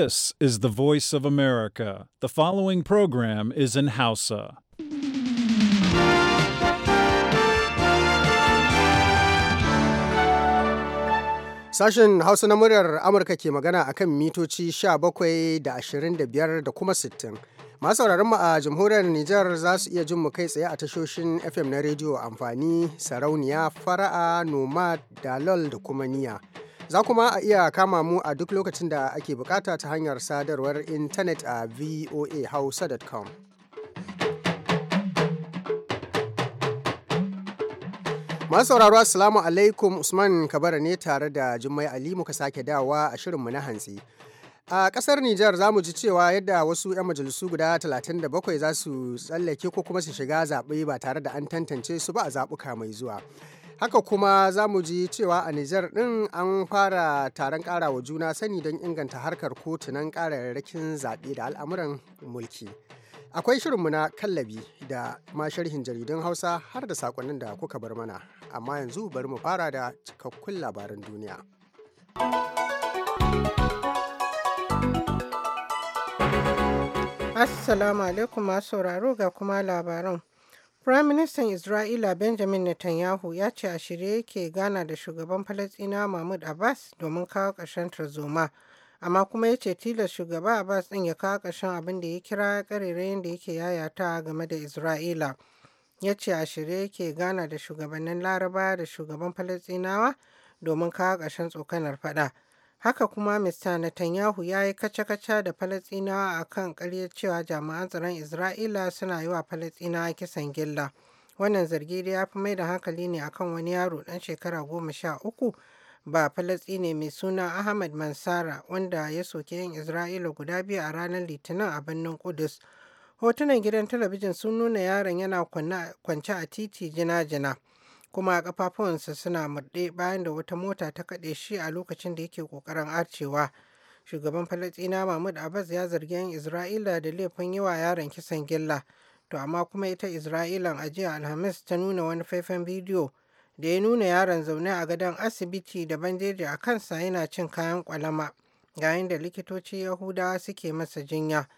This is the voice of America. The following program is in Hausa. Sashen Hausa na muryar Amurka ke magana akan mitoci 17 da 25 da kuma 60. Masu mu a jamhuriyar Nijar za su iya jin mu kai tsaye a tashoshin FM na rediyo amfani, sarauniya, fara'a, nomad, dalol da kuma niya. Za kuma a iya kama mu a duk lokacin da ake bukata ta hanyar sadarwar intanet a voahausa.com. Masu sauraro Assalamu alaikum Usman Kabara ne tare da Jummai Ali muka sake dawa a shirinmu na hantsi. A kasar Nijar za mu ji cewa yadda wasu 'yan majalisu guda 37 za su tsallake ko kuma su shiga zaɓe ba tare da an tantance su ba a zaɓuka mai zuwa. Haka kuma za mu ji cewa a Nijar ɗin an fara taron ƙarawa juna sani don inganta harkar kotunan ƙararrakin zaɓe da al'amuran mulki. Akwai shirinmu na kallabi da ma sharhin jaridun Hausa har da sakonnin da kuka bar mana, amma yanzu bari mu fara da cikakkun labaran duniya. Assalamu alaikum masu sauraro ga kuma labaran. Firaministan Isra'ila Benjamin Netanyahu ya ce a shirye yake gana da shugaban falasɗina Mahmud Abbas domin kawo ƙarshen tarzoma, amma kuma ya ce tilas shugaba Abbas ɗin ya kawo ƙarshen abin da ya kira ƙarerayen da yake yayata game da Isra'ila. Ya ce a shirye yake gana da shugabannin Laraba da shugaban Falasɗinawa domin kawo ƙarshen tsokanar faɗa. Haka kuma Mr. Netanyahu ya yi kaca-kaca da Falasɗinawa a kan ƙaryar cewa jami'an tsaron Isra'ila suna yi wa Falasɗinawa kisan gilla. Wannan zargi dai ya fi mai da hankali ne akan wani yaro ɗan shekara goma sha uku ba ne mai suna Ahmad Mansara wanda ya soke yin Isra'ila guda biyu a ranar Litinin a birnin Kudus. Hotunan gidan talabijin sun nuna yaron yana kwance a titi jina-jina. kuma kafafuwansa suna murɗe bayan da wata mota ta kaɗe shi a lokacin da yake ƙoƙarin arcewa. Shugaban Falasina Mahmud Abbas ya zargi 'yan Isra'ila da laifin yi wa yaron kisan gilla. To amma kuma ita Isra'ilan a jiya Alhamis ta nuna wani faifan bidiyo da ya nuna yaron zaune a gadon asibiti da bandeji a kansa yana cin kayan kwalama yayin da likitoci Yahudawa suke masa jinya.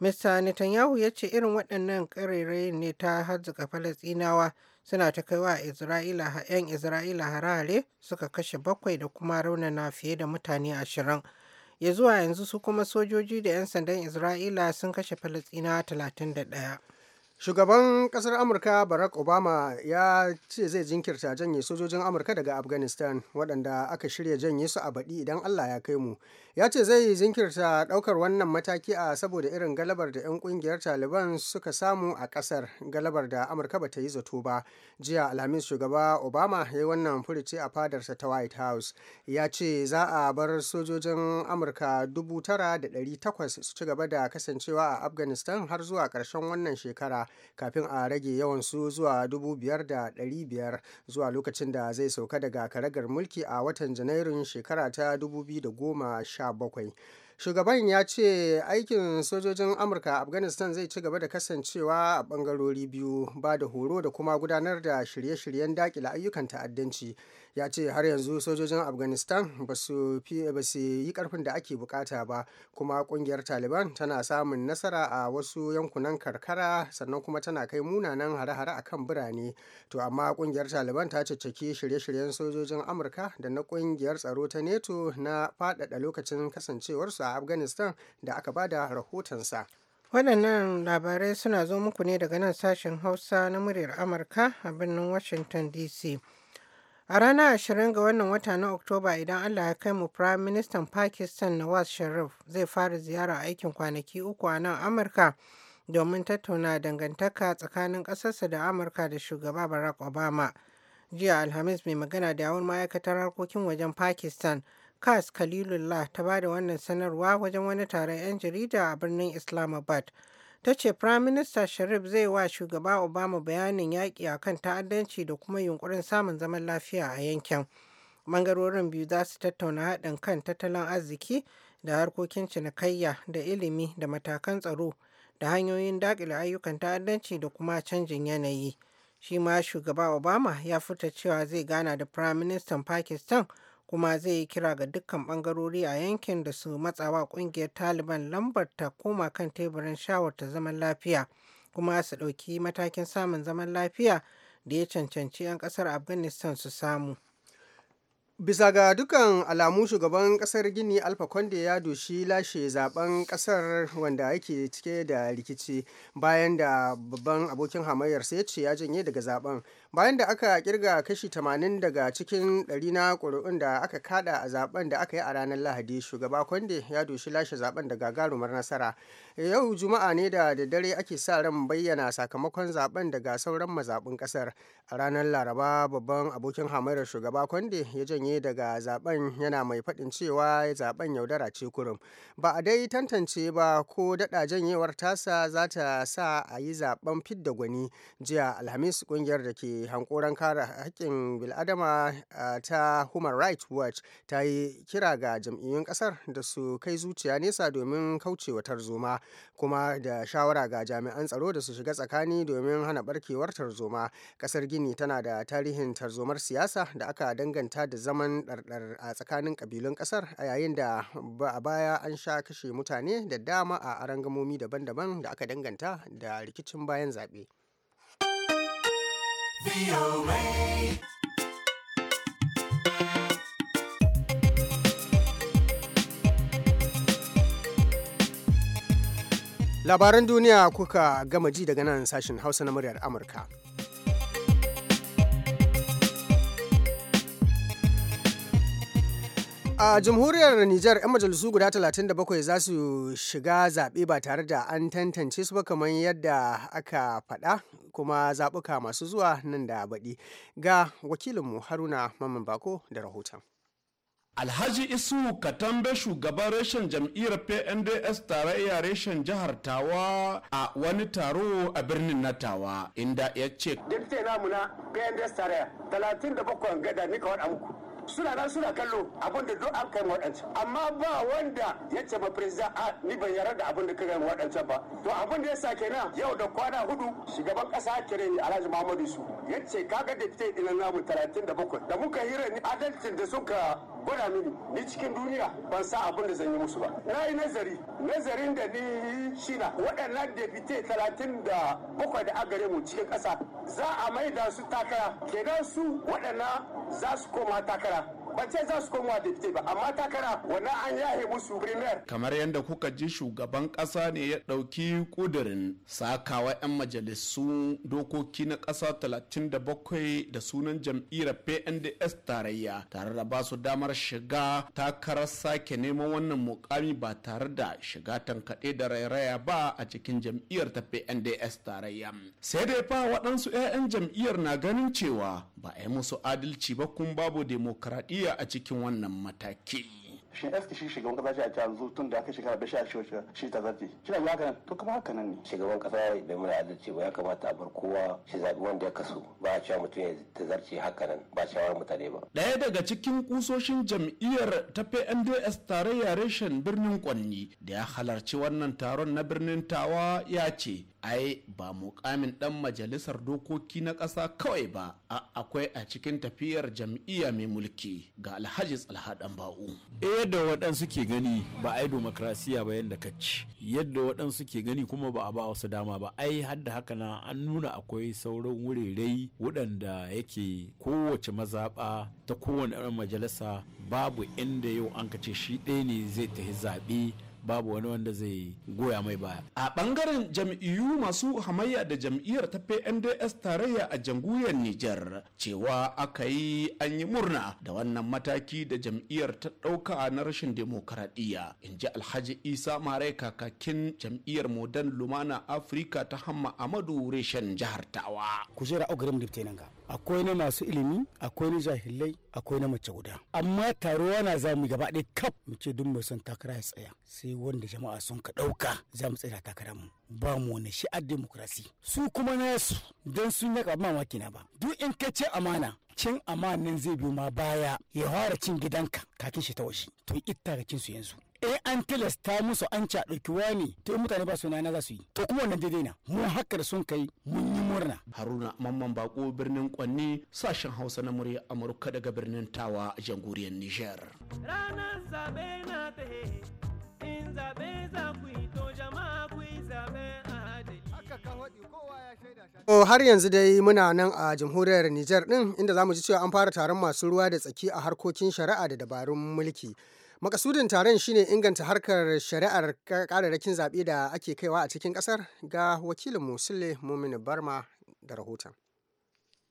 Mista Netanyahu ya ce irin waɗannan ƙarairayin ne ta harzuka Falasinawa. suna ta kai wa Isra'ila 'yan Isra'ila hare suka kashe bakwai da kuma raunana fiye da mutane ashirin. Ya zuwa yanzu su kuma sojoji da 'yan sandan Isra'ila sun kashe talatin da ɗaya. Shugaban ƙasar Amurka Barack Obama ya ce zai jinkirta janye sojojin Amurka daga Afghanistan waɗanda aka shirya janye su a baɗi idan Allah ya kai mu. Ya ce zai jinkirta ɗaukar wannan mataki a saboda irin galabar da 'yan ƙungiyar Taliban suka samu a ƙasar galabar da Amurka ba ta yi zato ba. Jiya Alhamis shugaba Obama ya yi wannan furuci a fadarsa ta White House. Ya ce za a bar sojojin Amurka dubu tara da ɗari takwas su ci gaba da kasancewa a Afghanistan har zuwa ƙarshen wannan shekara. kafin a rage yawan su zuwa dubu biyar da ɗari biyar zuwa lokacin da zai sauka daga karagar mulki a watan janairun shekara ta dubu biyu da goma sha bakwai. shugaban ya ce aikin sojojin amurka a afghanistan zai ci gaba da kasancewa a bangarori biyu ba da horo da kuma gudanar da shirye-shiryen dakila ayyukan ta'addanci ya ce har yanzu sojojin afghanistan ba su yi karfin da ake bukata ba kuma kungiyar taliban tana samun nasara a wasu yankunan karkara sannan kuma tana kai munanan hare-hare a kan birane to amma kungiyar taliban ta caccaki shirye-shiryen sojojin amurka da na kungiyar tsaro ta neto na faɗaɗa lokacin kasancewarsu a afghanistan da aka ba da rahotonsa waɗannan labarai suna zo muku ne daga nan sashen hausa na muryar amurka a birnin washington dc A ranar ashirin ga wannan wata na Oktoba idan Allah ya kai mu Prime Minister Pakistan Nawaz Sharif zai fara ziyara aikin kwanaki uku a nan Amurka domin tattauna dangantaka tsakanin ƙasarsa da Amurka da shugaba Barack Obama. Jiya Alhamis mai magana da yawon ma'aikatar harkokin wajen Pakistan Kas Khalilullah ta ba da wannan sanarwa wajen wani taron 'yan jarida a birnin Islamabad. ta ce firaminista sharif zai wa shugaba obama bayanin yaƙi a kan ta'addanci da kuma yunkurin samun zaman lafiya a yankin ɓangarorin biyu za su tattauna haɗin kan tattalin arziki da harkokin cinikayya da ilimi da matakan tsaro da hanyoyin daƙile ayyukan ta'addanci da kuma canjin yanayi shi ma shugaba obama ya fita cewa zai gana da firaministan pakistan kuma zai yi kira ga dukkan bangarori a yankin da su matsawa kungiyar taliban lambar ta koma kan teburin shawar ta zaman lafiya kuma su ɗauki matakin samun zaman lafiya da ya cancanci 'yan ƙasar afghanistan su samu bisa ga dukkan alamu shugaban kasar gini alfa konde ya doshi lashe zaben kasar wanda yake cike da rikici bayan da babban abokin hamayyarsa ya ce ya janye daga zaben bayan da aka kirga kashi 80 daga cikin 100 na ƙuri'un da aka kada a zaben da aka yi a ranar lahadi shugaba kwande ya doshi lashe zaben da gagarumar nasara yau juma'a ne da daddare ake sa ran bayyana sakamakon zaben daga sauran mazaɓin ƙasar a ranar laraba babban abokin hamayar shugaba kwande ya janye daga zaben yana mai faɗin cewa zaben yaudara ce kurum ba a dai tantance ba ko daɗa janyewar tasa za ta sa a yi zaben fidda gwani jiya alhamis ƙungiyar da ke hankoran kare haƙƙin bil'adama ta human rights watch ta yi kira ga jam'iyyun ƙasar da su kai zuciya nesa domin kaucewa tarzoma kuma da shawara ga jami'an tsaro da su shiga tsakani domin hana barkewar tarzoma ƙasar gini tana da tarihin tarzomar siyasa da aka danganta da zaman ɗarɗar a tsakanin ƙabilun ƙasar a yayin da a baya an sha kashe mutane da dama a arangamomi daban-daban da aka danganta da rikicin bayan zaɓe. Labaran duniya kuka gama ji daga nan sashen Hausa na muryar Amurka. a jamhuriyar nijar 'yan majalisu guda 37 za su shiga zaɓe ba tare da an tantance su ba kamar yadda aka faɗa kuma zaɓuka masu zuwa nan da baɗi ga wakilinmu haruna mamman bako da rahoton Alhaji Isu Katambe shugaban reshen jam'iyyar PNDS tarayya reshen jihar Tawa a wani taro a birnin na Tawa inda ya ce. duk namu na PNDS tarayya talatin da nika wada muku. suna nan suna kallo abin da duk an kai waɗancan amma ba wanda ya ce ma firinza a ah, ni ban yarda da abin da kai waɗancan ba to abin da ya sa kenan yau da kwana hudu shugaban ƙasa kire alhaji muhammadu su ya ce kaga da fita ɗinan namu talatin da bakwai da muka hira ni adalcin da suka gwada mini ni cikin duniya ban sa abin da zan yi musu ba na yi nazari nazarin da ni shi na waɗannan fitai talatin da bakwai da agare mu cikin ƙasa za a maida su takara kenan su waɗannan za su bace za su koma deputy ba amma takara wannan an yahe musu premier kamar yadda kuka ji shugaban kasa ne ya dauki kudirin sakawa yan majalisu dokoki na kasa 37 da sunan jam'iyyar PNDS tarayya tare da ba su damar shiga takarar sake neman wannan mukami ba tare da shiga tankaɗe da rairaya ba a cikin jam'iyyar ta PNDS tarayya sai dai fa waɗansu 'ya'yan jam'iyyar na ganin cewa ba a yi musu adalci ba kun babu demokradiyya tafiya a cikin wannan mataki shin eski shi shugaban kasa shi a yanzu tun da aka shekara bai a shi ta zarce shi da haka nan to kuma haka nan ne shugaban kasa bai mura adalci ba ya kamata a bar kowa shi zabi wanda ya kasu ba a cewa mutum ya ta zarce haka nan ba cewa mutane ba daya daga cikin kusoshin jam'iyyar ta PNDS tarayya reshen birnin Kwanni da ya halarci wannan taron na birnin Tawa ya ce ai ba mukamin dan majalisar dokoki na ƙasa kawai ba a akwai a cikin tafiyar jam'iyya mai mulki ga alhaji tsalhaɗan ba'u eh, yadda waɗansu ke gani ba ai demokrasiya ba yadda ka ci yadda waɗansu ke gani kuma ba a ba wasu dama ba ai hadda haka na an nuna akwai sauran wurirai waɗanda yake kowace mazaɓa ta kowane majalisa babu inda yau an kace shi ɗaya ne zai ta zaɓe babu wani wanda zai goya mai baya a bangaren jam'iyyu masu hamayya da jam'iyyar ta PNDS tarayya a jamhuriyar Nijar cewa aka yi an yi murna da wannan mataki da jam'iyyar ta ɗauka na rashin demokaradiyya in ji Alhaji Isa marai kakakin jam'iyyar Modern Lumana Afirka ta Hamma Amadu reshen jihar Tawa kujera ogarim dipte nan ga akwai na masu ilimi akwai na jahilai akwai na mace guda amma taruwa na zamu gaba ɗaya kaf mu ce duk mai son takara ya tsaya sai wanda jama'a sun ka ɗauka za mu tsira takarar mu ba mu wani shi'ar demokrasi su kuma su don sun yaka mamaki na ba duk in ka ce amana cin amanin zai biyo ma baya ya fara cin gidanka kakin shi ta waje to itta ga su yanzu eh an tilasta musu an ci a ɗauki wani to mutane ba su na za su yi to kuma wannan daidai na mu hakar sun kai mun yi murna haruna mamman bako birnin kwanni sashen hausa na murya amurka daga birnin tawa jamhuriyar niger ranar zabe na ta in har yanzu dai muna nan a jamhuriyar Nijar ɗin inda za mu ji cewa an fara taron masu ruwa da tsaki a harkokin shari'a da dabarun mulki. Makasudin taron shine inganta harkar shari'ar ƙararrakin zaɓe da ake kaiwa a cikin ƙasar ga wakilin Musulle Muminu Barma da rahoton.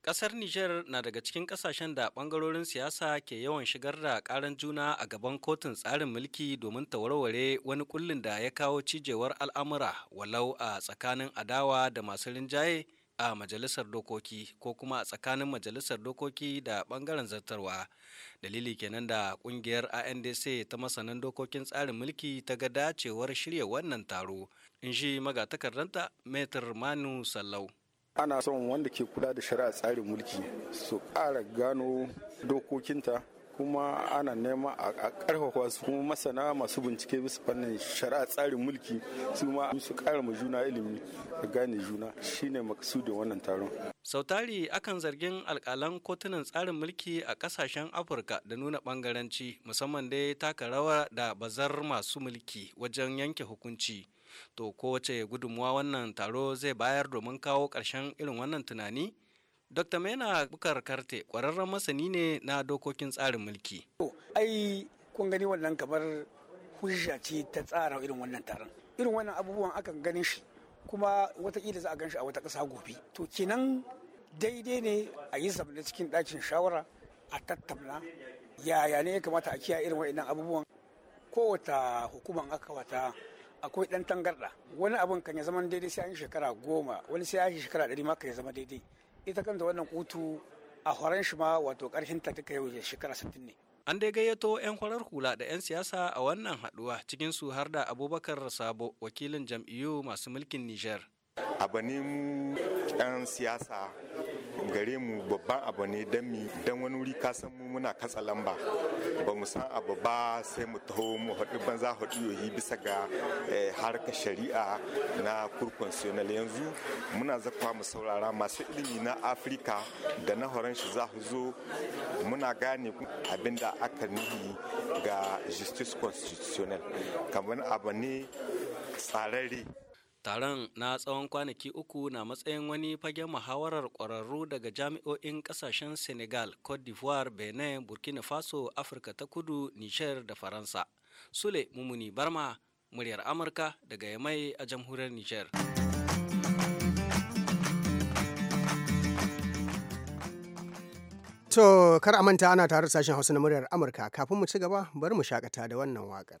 Ƙasar Nijar na daga cikin ƙasashen da ɓangarorin siyasa ke yawan shigar da ƙaran juna a gaban kotun tsarin mulki domin ta warware wani kullin da ya kawo cijewar al'amura walau a tsakanin adawa da masu rinjaye a majalisar dokoki ko kuma a tsakanin majalisar dokoki da ɓangaren zartarwa. Dalili kenan da ƙungiyar ANDC ta masanin dokokin tsarin mulki ta ga dacewar shirya wannan taro. In shi magatakardanta Metr Manu Sallau. ana son wanda ke kula da shari'a tsarin mulki su ƙara gano dokokinta kuma ana nema a karfafa su kuma masana masu bincike bisa fannin shari'a tsarin mulki su ma su kara ma juna ilimi da gane juna shine maksudin wannan taron sautari akan zargin alkalan kotunan tsarin mulki a kasashen afirka da nuna bangaranci musamman dai taka rawa da bazar masu mulki wajen yanke hukunci to kowace gudunmuwa wannan taro zai bayar domin kawo ƙarshen irin wannan tunani Dr. Maina Bukar Karte ƙwararren masani ne na dokokin tsarin mulki. Ai kun gani wannan kamar hujja ce ta tsara irin wannan taron. Irin wannan abubuwan akan ganin shi kuma watakila za a gan shi a wata ƙasa gobe. To kenan daidai ne a yi zamana cikin ɗakin shawara a tattauna yaya ne ya kamata a kiyaye irin wannan abubuwan kowata hukumar aka wata akwai ɗan tangarɗa wani abin kan ya zama daidai sai an shekara goma wani sai an shekara ɗari ma kan ya zama daidai ita kanta wannan kutu a horon shi ma wato karshen ta duka yau shekara 60 ne an dai gayyato 'yan kwarar hula da 'yan siyasa a wannan haduwa su har da abubakar sabo wakilin jam'iyyu masu mulkin niger abu ne mu 'yan siyasa gare mu babban abu ne don mi don wani wuri ka san mu muna katsa lamba ba mu san abu ba sai mu taho mu haɗu banza haɗu yohi bisa ga eh, harkar shari'a na sionel yanzu muna zakwa mu saurara masu ilimi na afirka da na horon shi za zo muna gane abin da aka nuhi ga justice constitutionnel kamar abu ne tsararre Taron na tsawon kwanaki uku na matsayin wani fagen muhawarar ƙwararru daga jami'o'in ƙasashen Senegal, Cote d'Ivoire, Benin, Burkina Faso, Afirka ta Kudu, niger da Faransa. Sule Mumuni Barma, muryar Amurka daga Yamai a jamhuriyar niger. To, kar a manta ana tare sashen Hausa na muryar Amurka kafin mu ci gaba bari mu shakata da wannan waƙar.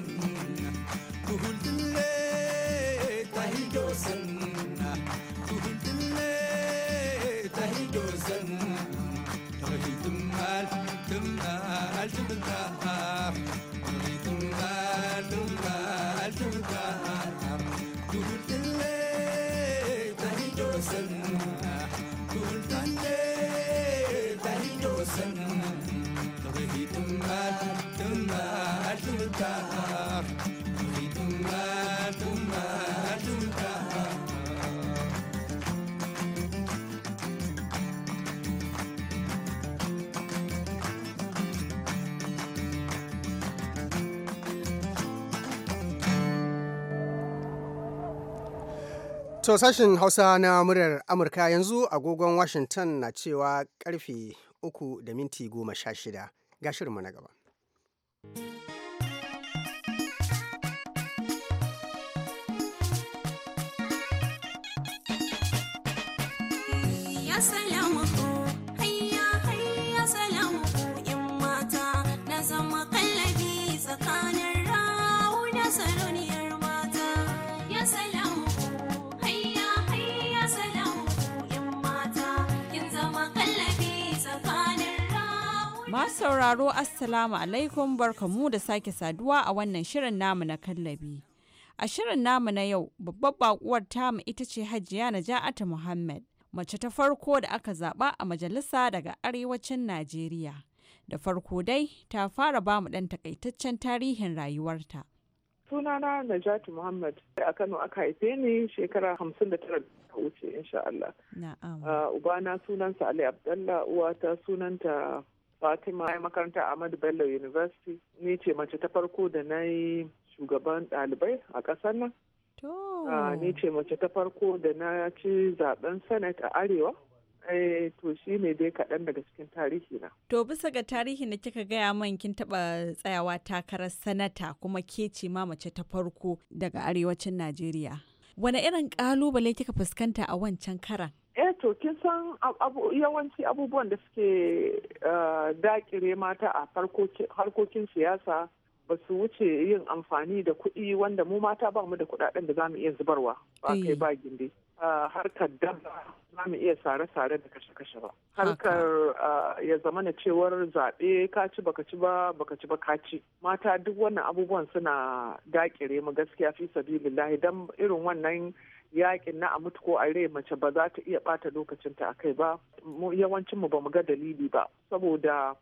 To sashen Hausa na muryar Amurka yanzu agogon Washington na cewa karfe uku da minti goma sha shida ga na gaba. Masu sauraro Assalamu alaikum barkamu da sake saduwa a wannan shirin namu na kallabi. A shirin namu na yau babbar bakuwar tamu ita ce Hajiya Naja'atu Muhammad, mace ta farko da aka zaba a majalisa daga arewacin Najeriya. Da farko dai ta fara bamu ɗan takaitaccen tarihin rayuwarta. Sunana Najatu Muhammad a Kano aka haife ni shekara hamsin da tara ta wuce insha Allah. Ah, ubana sunansa Ali Abdallah uwata sunanta Fatima ya makaranta Ahmadu Bello University ni ce mace ta farko da na yi shugaban ɗalibai a ƙasar nan. Ni ce mace ta farko da na ci zaben Senate a Arewa. Eh, to shi ne dai kaɗan daga cikin tarihi na. To bisa ga tarihi na kika gaya man kin taɓa tsayawa takarar sanata kuma ke ce ma mace ta farko daga arewacin Najeriya. Wane irin ƙalubale kika fuskanta a wancan karan? to kin san yawanci abubuwan da suke eh, dakire mata a harkokin siyasa ba su wuce yin amfani da kuɗi wanda mu mata ba mu da kuɗaɗen da za mu iya zubarwa ba eh. kai ba gindi eh, harkar dabba za mu iya sare-sare da kashe-kashe ba harkar ya zama na cewar zaɓe kaci ci baka ci ba baka ci ba kaci. mata duk wannan abubuwan suna dakire mu gaskiya fi sabilillahi don irin wannan yakin na a mutu ko a rai mace ba za ta iya bata lokacinta a kai ba yawancin mu mu ga dalili ba saboda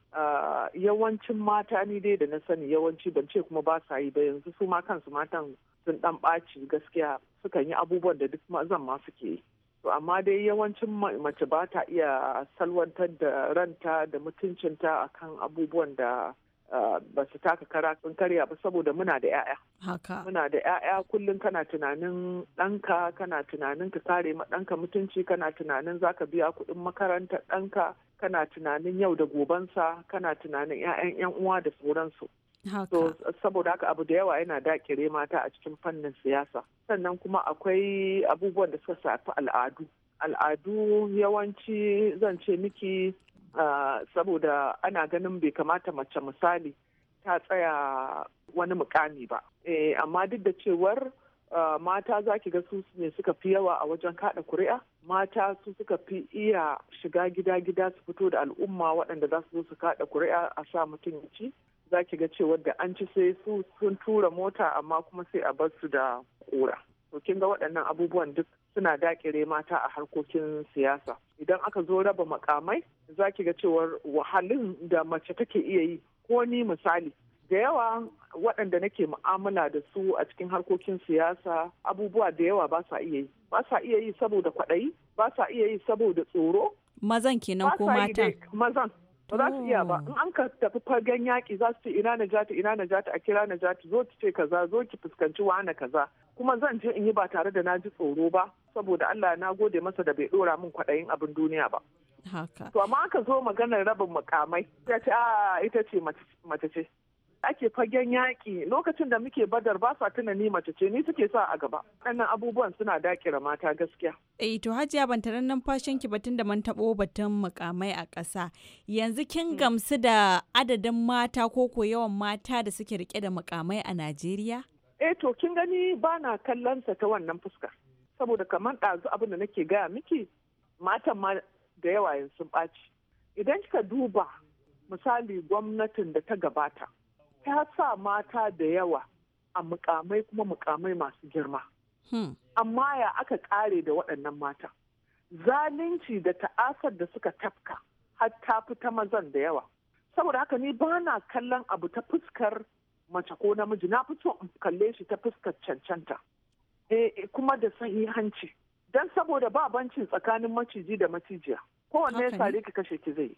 yawancin mata ni dai da na sani yawanci ban ce kuma ba sa yi ba yanzu su ma kansu matan sun dan ɓaci gaskiya sukan yi abubuwan da duk mazan ma suke yi to amma dai yawancin mace ba ta iya salwantar da ranta da mutuncinta akan abubuwan da ba su taka kara sun karya ba saboda muna da 'ya'ya. Muna da 'ya'ya kullum kana tunanin ɗanka kana tunanin ka kare ma ɗanka mutunci kana tunanin za ka biya kuɗin makaranta ɗanka kana tunanin yau da gobansa kana tunanin 'ya'yan 'yan uwa da sauransu. Haka. saboda haka abu da yawa yana dakire mata a cikin fannin siyasa. Sannan kuma akwai abubuwan da suka shafi al'adu. Al'adu yawanci zan ce miki Ah, saboda ana ganin bai kamata mace misali ta tsaya wani mukami ba eh, amma duk da cewar ah, mata za ki ga su ne suka fi yawa a wajen kada kuri'a mata su suka fi iya shiga gida-gida su fito da al'umma waɗanda za su zo su kada kuri'a a sa mutum ci za ki ga cewar da an ci sai su sun tura mota amma kuma sai a bar su da kura to kin ga waɗannan abubuwan duk suna dakire mata a harkokin siyasa idan aka zo raba makamai za ki ga cewar wahalin da mace take iya yi ko ni misali da yawa waɗanda nake mu'amala da su a cikin harkokin siyasa abubuwa da yawa ba sa iya yi ba sa iya yi saboda kwaɗayi ba sa iya yi saboda tsoro mazan kenan ko matan mazan ba za su iya ba mm. in an ka tafi fagen yaƙi za su ce ina na jata ina na jata a kira na jata zo ki ce kaza zo ki fuskanci wani kaza kuma zan je in yi ba tare da na ji tsoro ba saboda Allah na gode masa da bai dora min kwaɗayin abin duniya ba. Haka. To amma aka zo maganar rabin mukamai ya ce a ah, ita ce mace ce. ake fagen yaƙi lokacin da muke badar ba sa tunani mace ce ni suke sa a gaba wannan abubuwan suna dakira mata gaskiya eh to hajiya ban taran numfashin ki batun da man taɓo batun mukamai a ƙasa yanzu kin mm. gamsu da adadin mata ko ko yawan mata da suke rike da mukamai a Najeriya eh to kin gani ba na kallon ta wannan fuska saboda kamar ɗazu abin da nake gaya miki matan ma da yawa yanzu sun ɓaci idan kika duba misali gwamnatin da ta gabata ta sa mata da yawa a mukamai kuma mukamai masu girma. Hmm. Amma ya aka kare da waɗannan mata. Zalunci da ta'asar da suka tafka har ta fi ta mazan da yawa. Saboda haka ni ba na kallon abu ta fuskar mace ko namiji na fi so in kalle shi ta fuskar cancanta. Eh, eh, kuma da sahihanci. Don saboda ba bancin tsakanin maciji da macijiya. kowanne ya sare ki kashe ki zai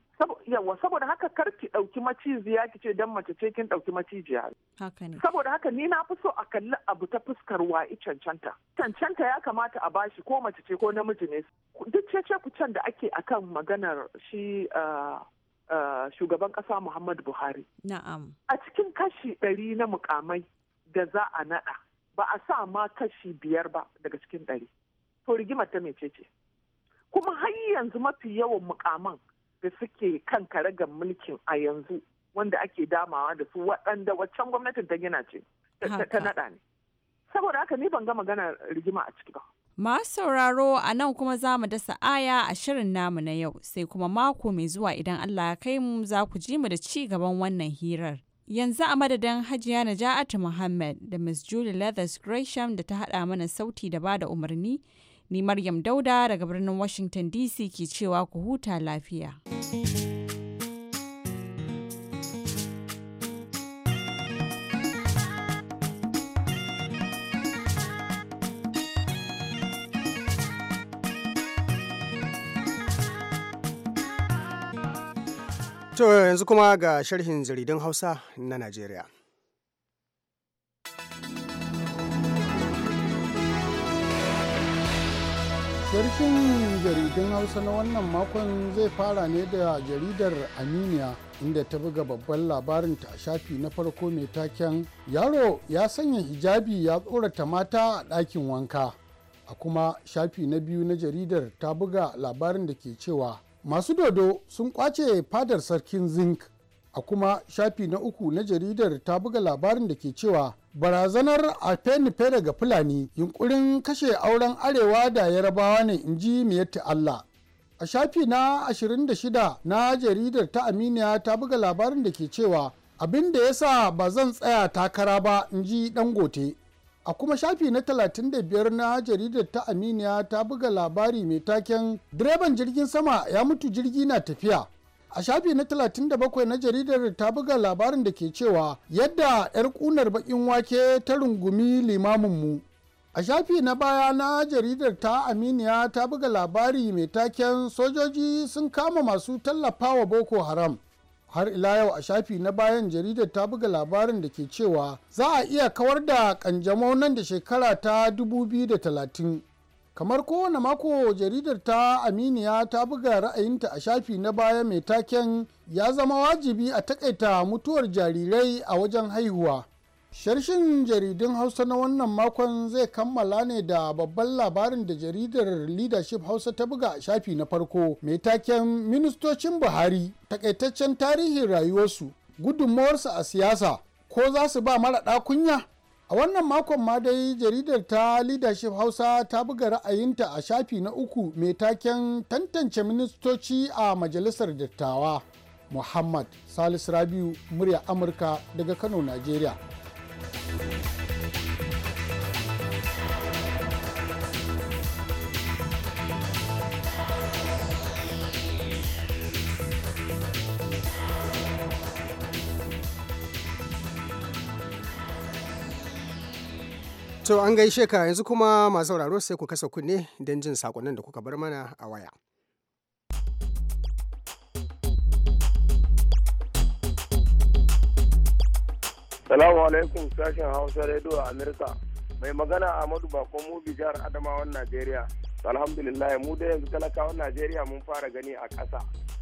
yawa saboda haka kar ki dauki maciziya ki ce dan mace ce kin dauki maciziya saboda haka ni na fi so a kalli abu ta fuskar wa'i cancanta cancanta ya kamata a bashi ko mace ce ko namiji ne duk cece can da ake akan maganar shi ah, ah, shugaban kasa Muhammadu Buhari na'am a cikin kashi ɗari na mukamai da za a naɗa ba a sa ma kashi biyar ba daga cikin ɗari to rigimar ta mecece. ce kuma har yanzu mafi yawan mukaman da suke kan karagar mulkin a yanzu wanda ake damawa da su waɗanda waccan gwamnatin ta gina ce ta naɗa ne saboda haka ni ban ga magana rigima a ciki ba Masu sauraro a nan kuma za mu dasa aya a shirin namu na yau sai kuma mako mai zuwa idan Allah ya kai mu za ku ji mu da ci gaban wannan hirar. Yanzu a madadin Hajiya Naja'atu Muhammad da Miss Julie Leathers Gresham da ta haɗa mana sauti da bada umarni Ni Maryam Dauda daga birnin Washington DC ke cewa ku huta lafiya. To yanzu kuma ga sharhin jaridun Hausa na Najeriya. Sarkin jaridun Hausa na wannan makon zai fara ne da jaridar Aminiya inda ta buga babban labarin ta a shafi na farko mai taken yaro ya sanya hijabi ya tsorata mata a ɗakin wanka. A kuma shafi na biyu na jaridar ta buga labarin da ke cewa masu dodo sun kwace fadar sarkin zinc a kuma shafi na uku na jaridar ta buga labarin da ke cewa barazanar a fe daga fulani yunkurin kashe auren arewa da yarabawa ne in ji allah a shafi na 26 na jaridar ta aminiya ta buga labarin da ke cewa abin da ya sa ba zan tsaya takara ba in ji dangote a kuma shafi na 35 na jaridar ta aminiya ta buga labari mai taken direban jirgin sama ya mutu jirgi na tafiya a shafi na 37 na jaridar ta buga labarin da ke cewa yadda 'yar kunar bakin wake ta rungumi limaminmu a shafi na baya na jaridar ta aminiya ta buga labari mai taken sojoji sun kama masu tallafawa boko haram har ila yau a shafi na bayan jaridar ta buga labarin da ke cewa za a iya kawar da kanjamau nan da shekara ta 2030 kamar kowane mako jaridar ta aminiya ta buga ra'ayinta a shafi na baya mai taken ya zama wajibi a takaita mutuwar jarirai a wajen haihuwa sharshin jaridun hausa na wannan makon zai kammala ne da babban labarin da jaridar leadership hausa ta buga a shafi na farko mai taken ministocin buhari takaitaccen tarihin rayuwarsu gudunmawarsu a siyasa ko za su ba mara kunya a wannan makon ma dai jaridar ta leadership hausa ta buga ra'ayinta a shafi na uku mai taken tantance ministoci a majalisar dattawa muhammad salis rabiu murya amurka daga kano nigeria To an gaishe ka yanzu kuma masu sauraro sai ku kasa kunne don jin sakonnin da kuka bar mana a waya. Salamu alaikum sashen Hausa Radio a Amurka. Mai magana Ahmadu Bako bi jihar Adamawan Najeriya. Alhamdulillah mu da yanzu talakawan Najeriya mun fara gani a ƙasa.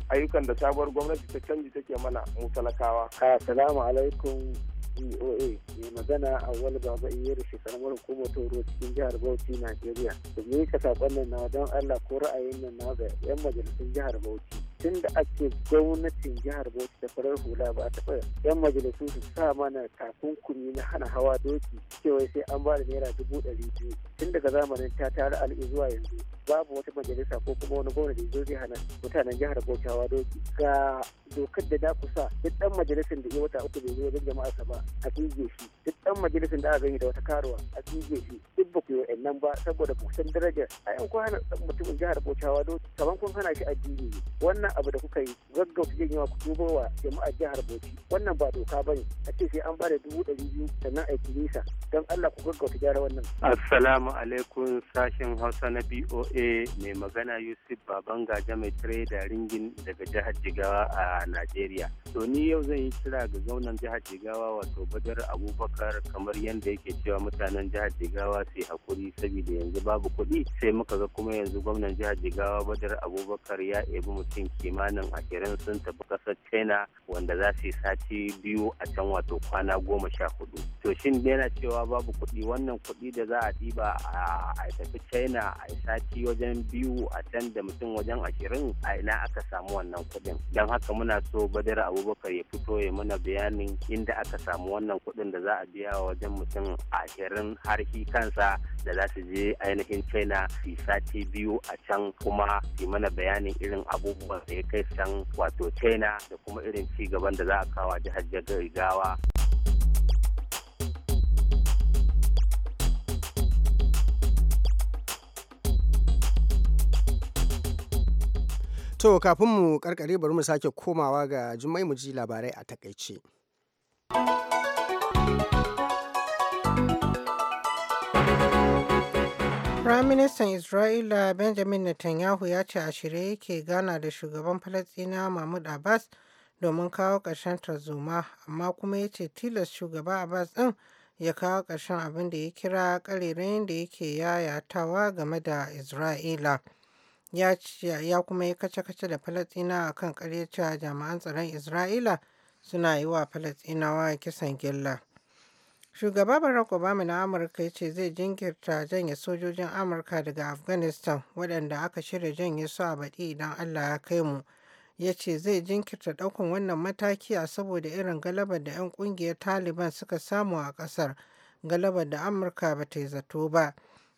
Ayyukan da sabuwar gwamnati ta canji take mana mu talakawa. Assalamu alaikum voa mai magana a wani baba iya da shekarar hukumar Toro cikin jihar Bauchi Najeriya. Da ka saƙon nan na don Allah ko ra'ayin nan na ga 'yan majalisun jihar Bauchi. tun da ake gwamnatin jihar bauchi da farar hula ba a taɓa yan majalisu su sa mana takunkumi na hana hawa doki cewa sai an ba da naira dubu ɗari biyu tun daga zamanin ta tara al'i zuwa yanzu babu wata majalisa ko kuma wani gwamna da zai hana mutanen jihar bauchi hawa doki ga dokar da da kusa duk ɗan majalisar da ya wata uku bai zo wajen jama'a ba a tsige shi duk ɗan majalisar da aka gani da wata karuwa a tsige shi duk ba ku yi wa'annan ba saboda ku san darajar a yan kwana mutumin jihar Bauchawa don kaman kun hana shi addini wannan abu da kuka yi gaggauta yin yawa ku tuba wa jama'ar jihar Bauchi wannan ba doka ba ne a ce sai an ba da dubu ɗari biyu sannan a yi nisa don Allah ku gaggauta gyara wannan. Assalamu alaikum sashen Hausa na BOA mai magana Yusuf Baban Gaja mai tire da ringin daga jihar Jigawa a Najeriya. To ni yau zan yi kira ga zaunan jihar Jigawa wato Badar Abubakar kamar yadda yake cewa mutanen jihar Jigawa su A kudi saboda yanzu babu kuɗi sai muka ga kuma yanzu gwamnan jihar jigawa badar abubakar ya ebi mutum kimanin ashirin sun tafi ƙasar china wanda za su yi sati biyu a can wato kwana goma sha hudu to shin yana cewa babu kuɗi wannan kuɗi da za a ɗiba a tafi china a sati wajen biyu a can da mutum wajen ashirin a ina aka samu wannan kuɗin don haka muna so badar abubakar ya fito ya mana bayanin inda aka samu wannan kuɗin da za a biya wajen mutum ashirin har shi kansa da za su je ainihin china su sati biyu a can kuma su mana bayanin irin abubuwan da ya kai can wato china da kuma irin ci gaban da za a kawo jihar Gawa. To kafin mu karkare bari mu sake komawa ga Jummai mu ji labarai a takaice. Firaministan Isra'ila Benjamin Netanyahu ya ce a shirye yake gana da shugaban Falasɗina Mahmud Abbas domin kawo ƙarshen tarzoma, amma kuma ya ce tilas shugaba Abbas ɗin ya kawo ƙarshen abin da ya kira ƙarerayin da yake yayatawa game da Isra'ila. Ya kuma yi kace-kace da Falasɗina a kan ƙarya jami'an tsaron Isra'ila suna yi wa Falasɗinawa kisan gilla. Shugaba Barack Obama na Amurka ya ce zai jinkirta janye sojojin Amurka daga Afghanistan waɗanda aka shirya janye su a baɗi idan Allah ya kai mu. Ya ce zai jinkirta ɗaukan wannan mataki a saboda irin galabar da 'yan ƙungiyar Taliban suka samu a ƙasar, galabar da Amurka ba ta yi zato ba.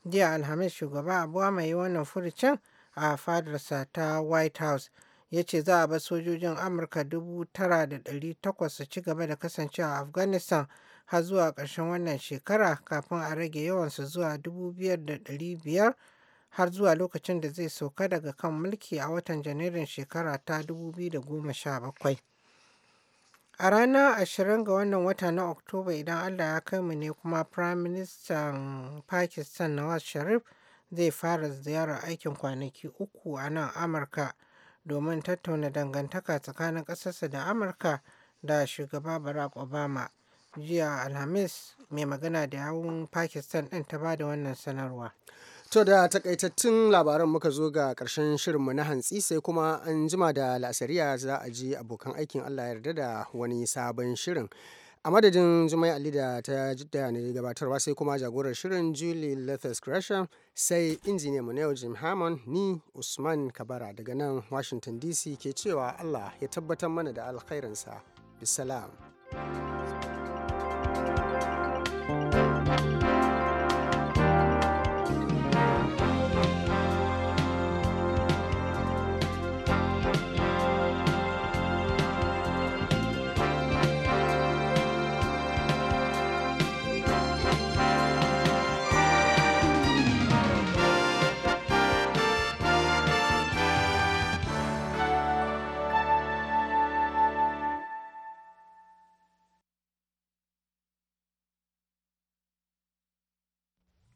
Jiya Alhamis shugaba Obama yi wannan furucin a fadarsa ta White House. Ya ce za a bar sojojin Amurka dubu tara da ɗari takwas su ci gaba da kasancewa a Afghanistan har zuwa ƙarshen wannan shekara kafin a rage yawansu zuwa 2,500 har zuwa lokacin da zai sauka daga kan mulki a watan janairun shekara ta 2017. A ranar ashirin ga wannan wata na Oktoba idan Allah ya kai mu ne kuma Prime Minister Pakistan Nawaz Sharif zai fara ziyarar aikin kwanaki uku a nan Amurka domin tattauna dangantaka tsakanin ƙasarsa da Amurka da shugaba Barack Obama. jiya alhamis mai magana da yawun pakistan din ta bada wannan sanarwa To da takaitattun labaran muka zo ga ƙarshen shirinmu na hantsi sai kuma an jima da la'asariya za a ji abokan aikin Allah yarda da wani sabon shirin. A madadin Jumai Ali da ta jidda ne gabatarwa sai kuma jagorar shirin Julie lethes Gresham sai injiniya mu na yau Jim Hammond ni Usman Kabara daga nan Washington DC ke cewa Allah ya tabbatar mana da alkhairinsa. Bisalam.